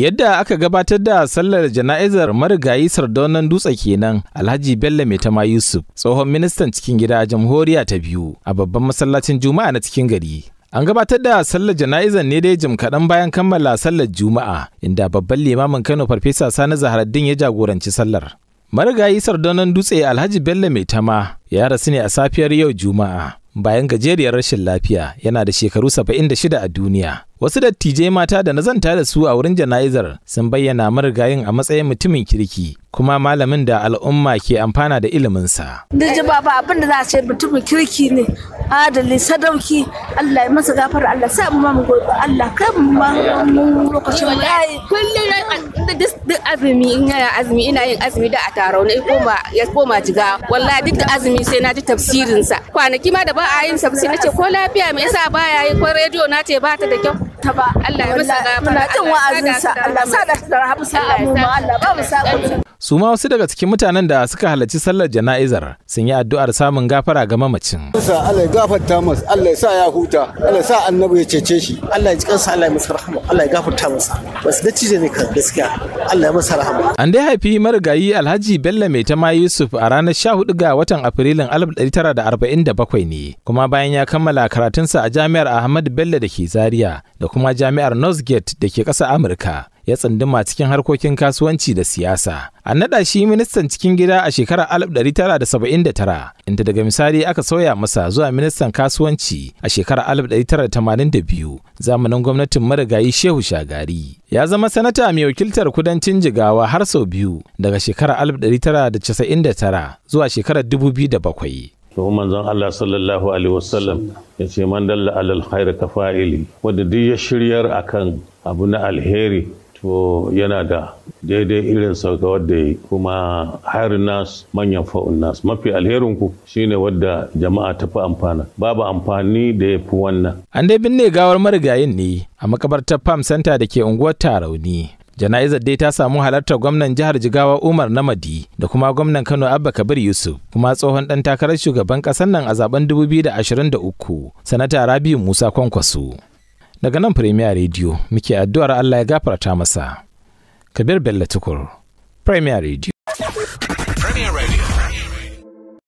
Yadda aka gabatar da sallar jana'izar marigayi sardaunan Dutse kenan Alhaji Bello Mai Tama Yusuf, tsohon ministan cikin gida jamhuriya ta biyu a babban masallacin Juma'a na cikin gari. An gabatar da sallar jana'izar ne dai jim kaɗan bayan kammala sallar Juma'a, inda babban limamin Kano Farfesa Sani Zaharaddin ya jagoranci sallar. Marigayi sardaunan Dutse Alhaji Bello Mai Tama ya rasu ne a safiyar yau Juma'a. bayan gajeriyar rashin lafiya yana da shekaru 76 a duniya. Wasu dattijai mata da na zanta da su a wurin jana'izar sun bayyana marigayin a matsayin mutumin kirki kuma malamin da al'umma ke amfana da iliminsa. Diji baba abin da za a ce mutumin kirki ne, adali, sadauki, Allah ya masa gafara Allah sai mu ma mu gobe Allah kai mu ma mu lokacin yayi. Kullum duk azumi in yana azumi ina yin azumi da a taro ne koma ya koma jiga wallahi duk da azumi sai na ji tafsirin Kwanaki ma da ba a yin tafsiri nace ko lafiya me yasa ya yi ko rediyo na ce ba ta da kyau. ta ba Allah ya masa gafara. Muna jin wa'azinsa Allah sa da rahama sa Allah ba mu sa su ma wasu daga cikin mutanen da suka halarci sallar jana'izar sun yi addu'ar samun gafara ga mamacin Allah ya gafarta masa Allah ya sa ya huta Allah ya sa annabi ya cece shi Allah ya ji kansa Allah ya masa rahama Allah ya gafarta masa basu da cije ne ka gaskiya Allah ya masa rahama an dai haifi marigayi Alhaji Bello Mai Tama Yusuf a ranar 14 ga watan Afrilun 1947 ne kuma bayan ya kammala karatunsa a jami'ar Ahmad Bello da ke Zaria da kuma jami'ar Northgate da ke ƙasa Amurka ya tsunduma cikin harkokin kasuwanci da siyasa. An naɗa shi ministan cikin gida a shekarar 1979, inda daga misali aka sauya masa zuwa ministan kasuwanci a shekarar 1982 zamanin gwamnatin marigayi Shehu Shagari. Ya zama sanata mai wakiltar kudancin Jigawa har sau biyu daga shekarar 1999 zuwa shekarar 2007. tuhu manzon Allah sallallahu alaihi wasallam ya ce man dalla alal khair ka fa'ili wanda duk ya shiryar akan abu na alheri to yana da daidai irin sauka wadda ya kuma harin nas manyan fa'un nas mafi alherin ku shine wadda jama'a ta fi amfana babu amfani da ya fi wannan an dai binne gawar marigayin ne a makabartar farm center da ke unguwar tarauni jana'izar dai ta samu halartar gwamnan jihar jigawa umar namadi da kuma gwamnan kano abba kabir yusuf kuma tsohon ɗan takarar shugaban kasar nan a zaben 2023 sanata rabiu musa kwankwaso daga nan Premier Radio muke addu'ar Allah ya gafarta masa. Kabir Bello Tukur, Premier Radio. Premier Radio.